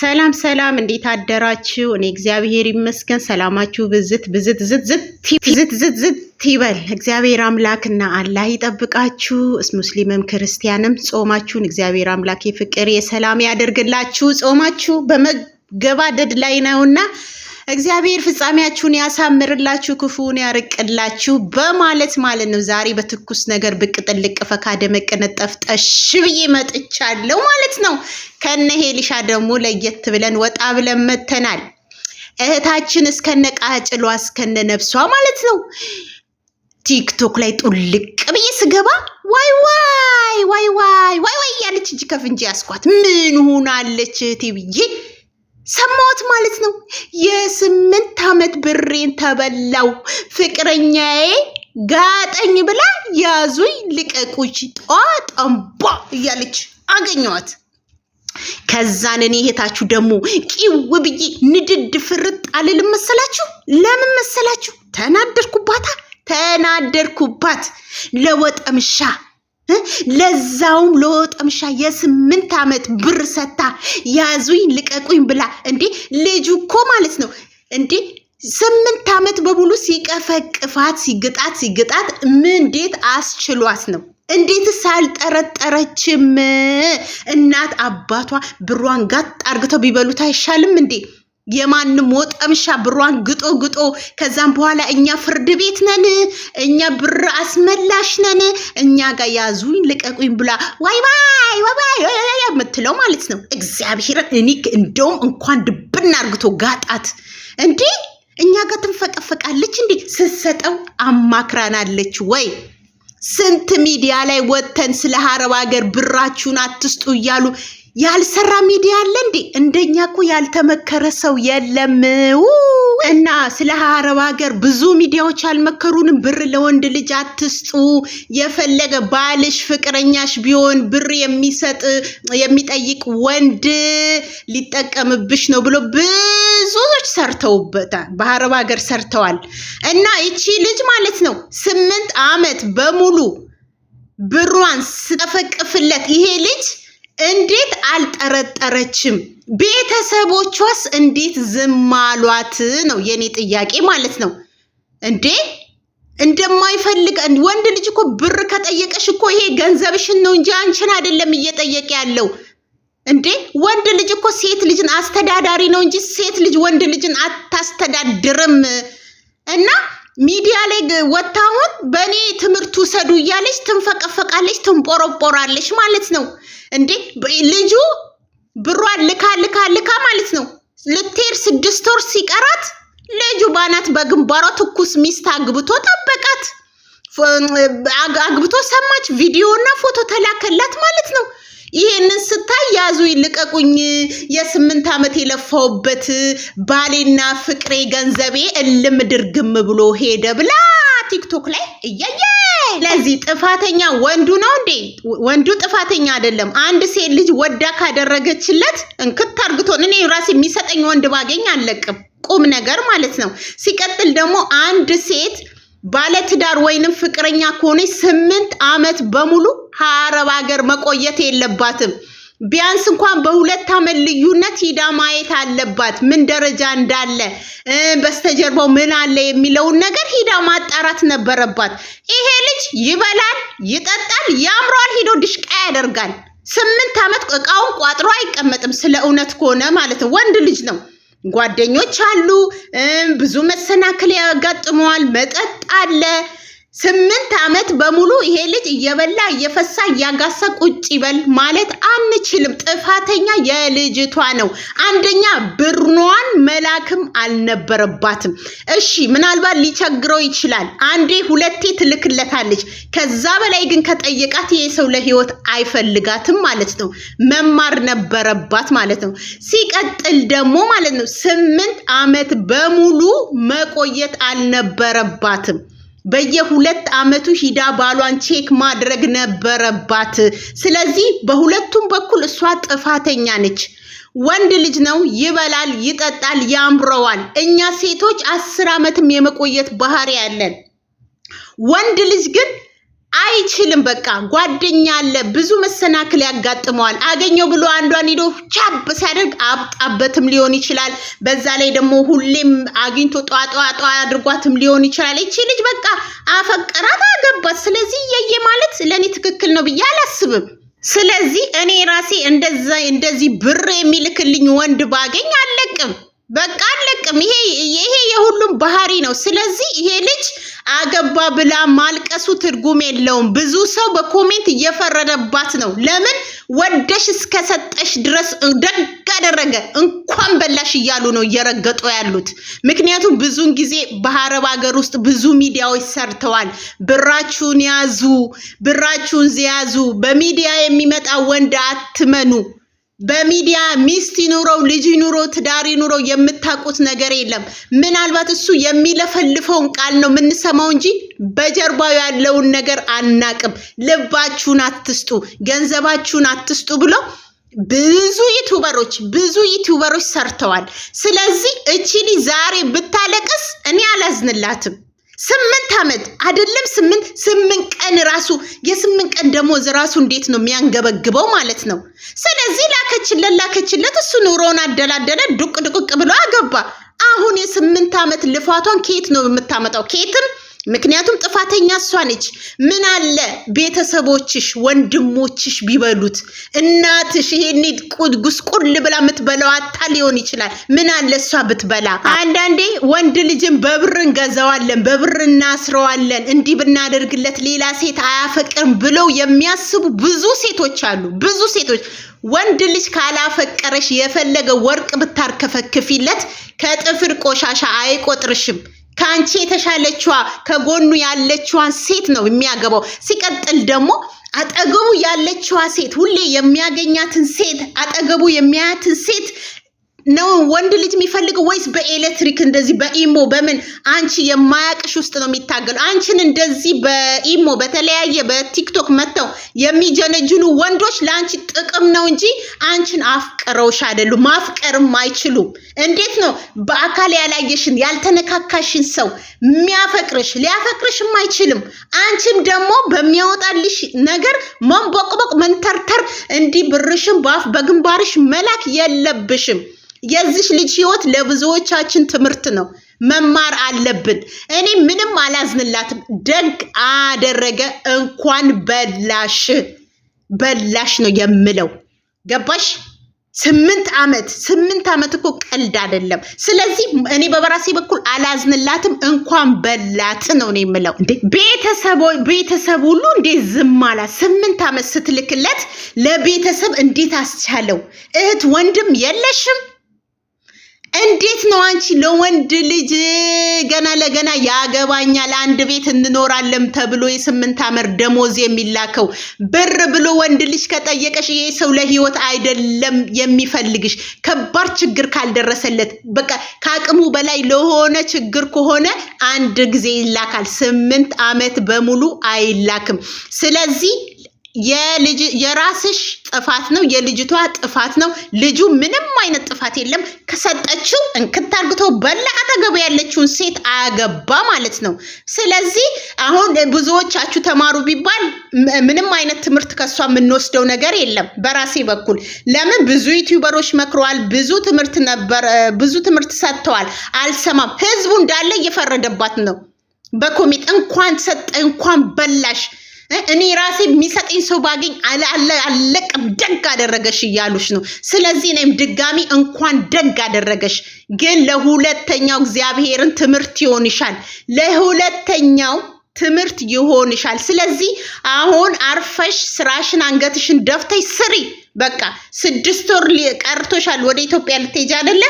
ሰላም ሰላም፣ እንዴት አደራችሁ? እኔ እግዚአብሔር ይመስገን ሰላማችሁ ብዝት ብዝት ዝት ዝት ዝት ይበል። እግዚአብሔር አምላክና አላህ ይጠብቃችሁ። ሙስሊምም ክርስቲያንም ጾማችሁን እግዚአብሔር አምላክ የፍቅር የሰላም ያደርግላችሁ። ጾማችሁ በመገባደድ ላይ ነውና እግዚአብሔር ፍጻሜያችሁን ያሳምርላችሁ፣ ክፉን ያርቅላችሁ በማለት ማለት ነው። ዛሬ በትኩስ ነገር ብቅ ጥልቅ ፈካ ደመቅ ነጠፍ ጠሽ ብዬ መጥቻለሁ ማለት ነው። ከነ ሄሊሻ ደግሞ ለየት ብለን ወጣ ብለን መተናል። እህታችን እስከነ ቃጭሏ እስከነ ነፍሷ ማለት ነው። ቲክቶክ ላይ ጡልቅ ብዬ ስገባ ዋይ ዋይ ዋይ ዋይ ዋይ ዋይ ያለች እጅ ከፍንጂ ያስኳት ምን ሆናለች እህቴ ብዬ ሰማሁት ማለት ነው። የስምንት ዓመት ብሬን ተበላው። ፍቅረኛዬ ጋጠኝ ብላ ያዙኝ ልቀቁች ጧ እያለች አገኘዋት። ከዛን እኔ እህታችሁ ደግሞ ቂው ብዬ ንድድ ፍርጥ አልልም መሰላችሁ። ለምን መሰላችሁ? ተናደርኩባታ ተናደርኩባት ለወጠምሻ ለዛውም ለወጠምሻ የስምንት ዓመት ብር ሰታ ያዙኝ ልቀቁኝ ብላ እንዴ! ልጁ እኮ ማለት ነው እንዴ ስምንት ዓመት በሙሉ ሲቀፈቅፋት ሲግጣት ሲግጣት ምን እንዴት አስችሏት ነው? እንዴትስ አልጠረጠረችም? እናት አባቷ ብሯን ጋጥ አርግተው ቢበሉት አይሻልም እንዴ? የማንም ወጠምሻ ብሯን ግጦ ግጦ ከዛም በኋላ እኛ ፍርድ ቤት ነን፣ እኛ ብር አስመላሽ ነን፣ እኛ ጋር ያዙኝ ልቀቁኝ ብላ ዋይ ዋይ ዋይ የምትለው ማለት ነው። እግዚአብሔርን እኔ እንደውም እንኳን ድብና አርግቶ ጋጣት እንዴ! እኛ ጋር ትንፈቀፈቃለች እንዴ! ስትሰጠው አማክራናለች ወይ? ስንት ሚዲያ ላይ ወጥተን ስለ ሀረብ ሀገር ብራችሁን አትስጡ እያሉ ያልሰራ ሚዲያ አለ እንዴ? እኛ እኮ ያልተመከረ ሰው የለም። እና ስለ አረብ ሀገር ብዙ ሚዲያዎች አልመከሩንም። ብር ለወንድ ልጅ አትስጡ። የፈለገ ባልሽ ፍቅረኛሽ ቢሆን ብር የሚሰጥ የሚጠይቅ ወንድ ሊጠቀምብሽ ነው ብሎ ብዙዎች ሰርተውበታል፣ በአረብ ሀገር ሰርተዋል። እና ይቺ ልጅ ማለት ነው ስምንት ዓመት በሙሉ ብሯን ስጠፈቅፍለት ይሄ ልጅ እንዴት አልጠረጠረችም? ቤተሰቦቿስ እንዴት ዝም አሏት ነው የኔ ጥያቄ ማለት ነው። እንዴ እንደማይፈልግ ወንድ ልጅ እኮ ብር ከጠየቀሽ እኮ ይሄ ገንዘብሽን ነው እንጂ አንቺን አይደለም እየጠየቀ ያለው። እንዴ ወንድ ልጅ እኮ ሴት ልጅን አስተዳዳሪ ነው እንጂ ሴት ልጅ ወንድ ልጅን አታስተዳድርም እና ሚዲያ ላይ ወታሁን በእኔ ትምህርት ውሰዱ እያለች ትንፈቀፈቃለች፣ ትንቆረቆራለች ማለት ነው እንዴ! ልጁ ብሯን ልካ ልካ ልካ ማለት ነው ልትሄድ ስድስት ወር ሲቀራት ልጁ ባናት በግንባሯ ትኩስ ሚስት አግብቶ ጠበቃት። አግብቶ ሰማች። ቪዲዮ እና ፎቶ ተላከላት ማለት ነው። ይሄን ያዙ ይልቀቁኝ፣ የስምንት ዓመት የለፋውበት ባሌና ፍቅሬ ገንዘቤ እልም ድርግም ብሎ ሄደ ብላ ቲክቶክ ላይ እያየ ለዚህ ጥፋተኛ ወንዱ ነው እንዴ? ወንዱ ጥፋተኛ አይደለም። አንድ ሴት ልጅ ወዳ ካደረገችለት እንክት አርግቶን እኔ ራሴ የሚሰጠኝ ወንድ ባገኝ አለቅም። ቁም ነገር ማለት ነው። ሲቀጥል ደግሞ አንድ ሴት ባለትዳር ወይንም ፍቅረኛ ከሆነች ስምንት ዓመት በሙሉ ሀረብ ሀገር መቆየት የለባትም። ቢያንስ እንኳን በሁለት ዓመት ልዩነት ሂዳ ማየት አለባት። ምን ደረጃ እንዳለ በስተጀርባው ምን አለ የሚለውን ነገር ሂዳ ማጣራት ነበረባት። ይሄ ልጅ ይበላል፣ ይጠጣል፣ ያምረዋል፣ ሂዶ ድሽቃ ያደርጋል። ስምንት ዓመት እቃውን ቋጥሮ አይቀመጥም። ስለ እውነት ከሆነ ማለት ነው። ወንድ ልጅ ነው። ጓደኞች አሉ፣ ብዙ መሰናክል ያጋጥመዋል፣ መጠጥ አለ ስምንት ዓመት በሙሉ ይሄ ልጅ እየበላ እየፈሳ እያጋሰ ቁጭ ይበል ማለት አንችልም። ጥፋተኛ የልጅቷ ነው። አንደኛ ብርኗን መላክም አልነበረባትም። እሺ ምናልባት ሊቸግረው ይችላል። አንዴ ሁለቴ ትልክለታለች። ከዛ በላይ ግን ከጠየቃት ይሄ ሰው ለህይወት አይፈልጋትም ማለት ነው። መማር ነበረባት ማለት ነው። ሲቀጥል ደግሞ ማለት ነው ስምንት ዓመት በሙሉ መቆየት አልነበረባትም። በየሁለት ዓመቱ ሂዳ ባሏን ቼክ ማድረግ ነበረባት። ስለዚህ በሁለቱም በኩል እሷ ጥፋተኛ ነች። ወንድ ልጅ ነው፣ ይበላል፣ ይጠጣል፣ ያምረዋል። እኛ ሴቶች አስር ዓመትም የመቆየት ባህሪ ያለን ወንድ ልጅ ግን አይችልም። በቃ ጓደኛ አለ፣ ብዙ መሰናክል ያጋጥመዋል። አገኘው ብሎ አንዷን ሂዶ ቻብ ሲያደርግ አብጣበትም ሊሆን ይችላል። በዛ ላይ ደግሞ ሁሌም አግኝቶ ጧጧጧ አድርጓትም ሊሆን ይችላል። ይቺ ልጅ በቃ አፈቀራት፣ አገባት። ስለዚህ እየየ ማለት ለእኔ ትክክል ነው ብዬ አላስብም። ስለዚህ እኔ ራሴ እንደዚህ ብር የሚልክልኝ ወንድ ባገኝ አለ በቃ አለቅም። ይሄ ይሄ የሁሉም ባህሪ ነው። ስለዚህ ይሄ ልጅ አገባ ብላ ማልቀሱ ትርጉም የለውም። ብዙ ሰው በኮሜንት እየፈረደባት ነው። ለምን ወደሽ እስከሰጠሽ ድረስ ደግ አደረገ እንኳን በላሽ እያሉ ነው እየረገጡ ያሉት። ምክንያቱም ብዙን ጊዜ በአረብ ሀገር ውስጥ ብዙ ሚዲያዎች ሰርተዋል። ብራችሁን ያዙ፣ ብራችሁን ያዙ፣ በሚዲያ የሚመጣ ወንድ አትመኑ። በሚዲያ ሚስት ይኑረው ልጅ ይኑረው ትዳር ይኑረው የምታውቁት ነገር የለም። ምናልባት እሱ የሚለፈልፈውን ቃል ነው የምንሰማው እንጂ በጀርባው ያለውን ነገር አናቅም። ልባችሁን አትስጡ፣ ገንዘባችሁን አትስጡ ብሎ ብዙ ዩቱበሮች ብዙ ዩቱበሮች ሰርተዋል። ስለዚህ እቺ ዛሬ ብታለቅስ እኔ አላዝንላትም። ስምንት ዓመት አይደለም ስምንት ስምንት ቀን ራሱ የስምንት ቀን ደሞዝ ራሱ እንዴት ነው የሚያንገበግበው ማለት ነው። ስለዚህ ላከችለት ላከችለት፣ እሱ ኑሮውን አደላደለ፣ ዱቅ ዱቅ ብሎ አገባ። አሁን የስምንት ዓመት ልፋቷን ኬት ነው የምታመጣው? ኬትም ምክንያቱም ጥፋተኛ እሷ ነች። ምን አለ ቤተሰቦችሽ፣ ወንድሞችሽ ቢበሉት እናትሽ ይሄን ጉስቁል ብላ የምትበላው አታ ሊሆን ይችላል። ምን አለ እሷ ብትበላ። አንዳንዴ ወንድ ልጅን በብር እንገዛዋለን፣ በብር እናስረዋለን፣ እንዲህ ብናደርግለት ሌላ ሴት አያፈቅርም ብለው የሚያስቡ ብዙ ሴቶች አሉ። ብዙ ሴቶች ወንድ ልጅ ካላፈቀረሽ የፈለገ ወርቅ ብታርከፈክፊለት ከጥፍር ቆሻሻ አይቆጥርሽም። ከአንቺ የተሻለችዋ ከጎኑ ያለችዋን ሴት ነው የሚያገባው። ሲቀጥል ደግሞ አጠገቡ ያለችዋ ሴት ሁሌ የሚያገኛትን ሴት አጠገቡ የሚያያትን ሴት ነው ወንድ ልጅ የሚፈልገው ወይስ በኤሌክትሪክ እንደዚህ በኢሞ በምን አንቺ የማያቅሽ ውስጥ ነው የሚታገሉ? አንቺን እንደዚህ በኢሞ በተለያየ በቲክቶክ መጥተው የሚጀነጅኑ ወንዶች ለአንቺ ጥቅም ነው እንጂ አንቺን አፍቅረውሽ አይደሉም። ማፍቀርም አይችሉም። እንዴት ነው በአካል ያላየሽን ያልተነካካሽን ሰው የሚያፈቅርሽ? ሊያፈቅርሽም አይችልም። አንቺም ደግሞ በሚያወጣልሽ ነገር መንቦቅቦቅ፣ መንተርተር እንዲህ ብርሽም በአፍ በግንባርሽ መላክ የለብሽም። የዚች ልጅ ህይወት ለብዙዎቻችን ትምህርት ነው። መማር አለብን። እኔ ምንም አላዝንላትም። ደግ አደረገ። እንኳን በላሽ በላሽ ነው የምለው። ገባሽ? ስምንት ዓመት ስምንት ዓመት እኮ ቀልድ አይደለም። ስለዚህ እኔ በበራሴ በኩል አላዝንላትም። እንኳን በላት ነው ነው የምለው። ቤተሰብ ሁሉ እንዴት ዝም አላት? ስምንት ዓመት ስትልክለት ለቤተሰብ እንዴት አስቻለው? እህት ወንድም የለሽም እንዴት ነው አንቺ ለወንድ ልጅ ገና ለገና ያገባኛል አንድ ቤት እንኖራለን ተብሎ የስምንት አመት ደሞዝ የሚላከው ብር ብሎ ወንድ ልጅ ከጠየቀሽ ይሄ ሰው ለህይወት አይደለም የሚፈልግሽ። ከባድ ችግር ካልደረሰለት በቃ ከአቅሙ በላይ ለሆነ ችግር ከሆነ አንድ ጊዜ ይላካል። ስምንት አመት በሙሉ አይላክም። ስለዚህ የራስሽ ጥፋት ነው፣ የልጅቷ ጥፋት ነው። ልጁ ምንም አይነት ጥፋት የለም። ከሰጠችው እንክት አርግቶ በላ። አጠገቡ ያለችውን ሴት አያገባ ማለት ነው። ስለዚህ አሁን ብዙዎቻችሁ ተማሩ ቢባል ምንም አይነት ትምህርት ከሷ የምንወስደው ነገር የለም። በራሴ በኩል ለምን ብዙ ዩቲዩበሮች መክረዋል፣ ብዙ ትምህርት ነበር፣ ብዙ ትምህርት ሰጥተዋል። አልሰማም። ህዝቡ እንዳለ እየፈረደባት ነው በኮሜንት እንኳን ሰጠ እንኳን በላሽ እኔ ራሴ የሚሰጠኝ ሰው ባገኝ አለቅም። ደግ አደረገሽ እያሉሽ ነው። ስለዚህ እኔም ድጋሚ እንኳን ደግ አደረገሽ፣ ግን ለሁለተኛው እግዚአብሔርን ትምህርት ይሆንሻል፣ ለሁለተኛው ትምህርት ይሆንሻል። ስለዚህ አሁን አርፈሽ ስራሽን አንገትሽን ደፍተሽ ስሪ። በቃ ስድስት ወር ቀርቶሻል፣ ወደ ኢትዮጵያ ልትሄጂ አይደለ?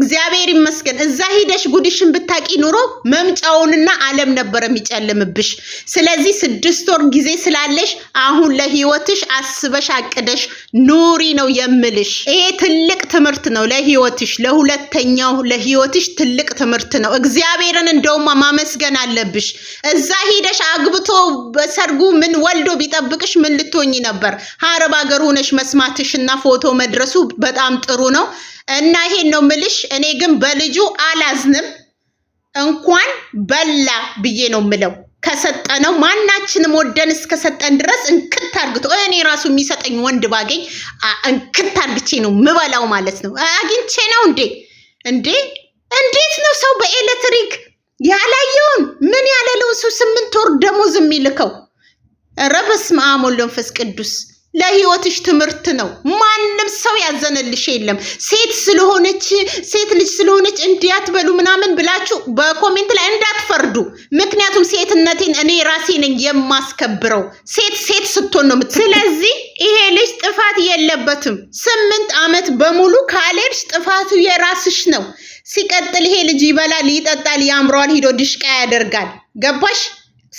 እግዚአብሔር ይመስገን። እዛ ሂደሽ ጉድሽን ብታቂ ኑሮ መምጫውንና ዓለም ነበር የሚጨልምብሽ። ስለዚህ ስድስት ወር ጊዜ ስላለሽ አሁን ለህይወትሽ አስበሽ አቅደሽ ኑሪ ነው የምልሽ። ይሄ ትልቅ ትምህርት ነው ለህይወትሽ፣ ለሁለተኛው ለህይወትሽ ትልቅ ትምህርት ነው። እግዚአብሔርን እንደውማ ማመስገን አለብሽ። እዛ ሂደሽ አግብቶ በሰርጉ ምን ወልዶ ቢጠብቅሽ ምን ልትሆኚ ነበር? ሀረብ ሀገር ሆነሽ መስማት አርትሽና ፎቶ መድረሱ በጣም ጥሩ ነው እና ይሄን ነው ምልሽ። እኔ ግን በልጁ አላዝንም። እንኳን በላ ብዬ ነው ምለው። ከሰጠነው ማናችንም ወደን እስከሰጠን ድረስ እንክት አርግቶ እኔ ራሱ የሚሰጠኝ ወንድ ባገኝ እንክት አርግቼ ነው ምበላው ማለት ነው። አግኝቼ ነው እንዴ እንዴ! እንዴት ነው ሰው በኤሌክትሪክ ያላየውን ምን ያለለው ሰው ስምንት ወር ደሞዝ የሚልከው? ኧረ በስመ አብ ወወልድ ወመንፈስ ቅዱስ ለህይወትሽ ትምህርት ነው። ማንም ሰው ያዘነልሽ የለም። ሴት ስለሆነች ሴት ልጅ ስለሆነች እንዲያትበሉ ምናምን ብላችሁ በኮሜንት ላይ እንዳትፈርዱ። ምክንያቱም ሴትነቴን እኔ ራሴ የማስከብረው። ሴት ሴት ስትሆን ነው። ስለዚህ ይሄ ልጅ ጥፋት የለበትም። ስምንት ዓመት በሙሉ ካሌድሽ ጥፋቱ የራስሽ ነው። ሲቀጥል ይሄ ልጅ ይበላል፣ ይጠጣል፣ ያምረዋል፣ ሂዶ ድሽቃ ያደርጋል። ገባሽ?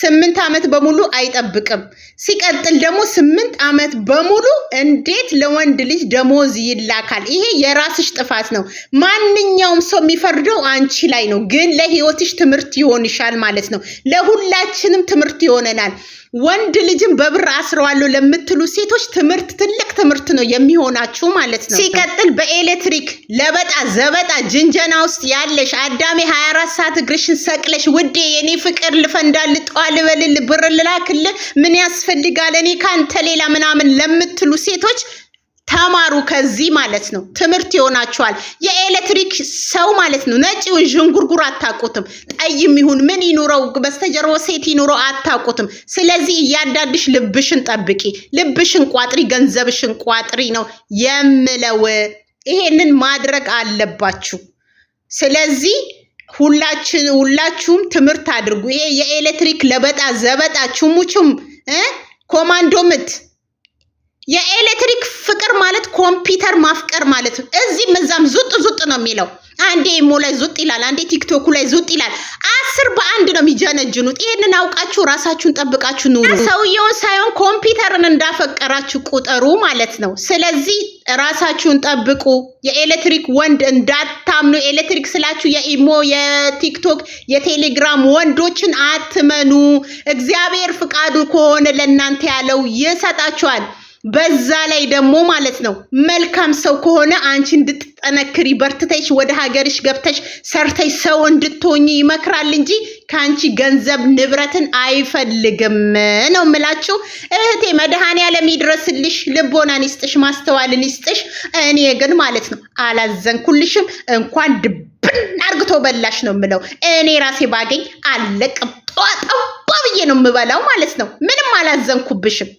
ስምንት ዓመት በሙሉ አይጠብቅም። ሲቀጥል ደግሞ ስምንት ዓመት በሙሉ እንዴት ለወንድ ልጅ ደሞዝ ይላካል? ይሄ የራስሽ ጥፋት ነው። ማንኛውም ሰው የሚፈርደው አንቺ ላይ ነው። ግን ለህይወትሽ ትምህርት ይሆንሻል ማለት ነው። ለሁላችንም ትምህርት ይሆነናል። ወንድ ልጅን በብር አስረዋለሁ ለምትሉ ሴቶች ትምህርት ትልቅ ትምህርት ነው የሚሆናችሁ ማለት ነው። ሲቀጥል በኤሌክትሪክ ለበጣ ዘበጣ ጅንጀና ውስጥ ያለሽ አዳሜ 24 ሰዓት እግርሽን ሰቅለሽ ውዴ የኔ ፍቅር ልፈንዳ ልጠዋ ልበልል ብር ልላክል ምን ያስፈልጋል እኔ ከአንተ ሌላ ምናምን ለምትሉ ሴቶች ተማሩ ከዚህ ማለት ነው። ትምህርት ይሆናችኋል። የኤሌክትሪክ ሰው ማለት ነው። ነጭውን ዥንጉርጉር አታውቁትም። ጠይም ይሁን ምን ይኑረው በስተጀርባው ሴት ይኑረው አታውቁትም። ስለዚህ እያንዳንድሽ ልብሽን ጠብቂ፣ ልብሽን ቋጥሪ፣ ገንዘብሽን ቋጥሪ ነው የምለው። ይሄንን ማድረግ አለባችሁ። ስለዚህ ሁላችን ሁላችሁም ትምህርት አድርጉ። ይሄ የኤሌክትሪክ ለበጣ ዘበጣ ቹሙቹም ኮማንዶ ምት የኤሌክትሪክ ፍቅር ማለት ኮምፒውተር ማፍቀር ማለት ነው። እዚህም እዛም ዙጥ ዙጥ ነው የሚለው። አንዴ ኢሞ ላይ ዙጥ ይላል፣ አንዴ ቲክቶኩ ላይ ዙጥ ይላል። አስር በአንድ ነው የሚጀነጅኑት። ይህንን አውቃችሁ ራሳችሁን ጠብቃችሁ ኑሩ። ሰውየውን ሳይሆን ኮምፒውተርን እንዳፈቀራችሁ ቁጠሩ ማለት ነው። ስለዚህ ራሳችሁን ጠብቁ። የኤሌክትሪክ ወንድ እንዳታምኑ። ኤሌክትሪክ ስላችሁ የኢሞ፣ የቲክቶክ፣ የቴሌግራም ወንዶችን አትመኑ። እግዚአብሔር ፍቃዱ ከሆነ ለእናንተ ያለው ይሰጣችኋል። በዛ ላይ ደግሞ ማለት ነው መልካም ሰው ከሆነ አንቺ እንድትጠነክሪ በርትተሽ ወደ ሀገርሽ ገብተሽ ሰርተሽ ሰው እንድትሆኝ ይመክራል እንጂ ከአንቺ ገንዘብ ንብረትን አይፈልግም ነው የምላችሁ። እህቴ መድኃኔዓለም ይድረስልሽ፣ ልቦናን ይስጥሽ፣ ማስተዋልን ይስጥሽ። እኔ ግን ማለት ነው አላዘንኩልሽም። እንኳን ድብን አርግቶ በላሽ ነው የምለው። እኔ ራሴ ባገኝ አለቅም፣ ጠዋጠው ብዬ ነው የምበላው ማለት ነው። ምንም አላዘንኩብሽም።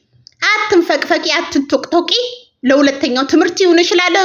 አትንፈቅፈቂ፣ አትቶቅቶቂ። ለሁለተኛው ትምህርት ይሁን ይችላል።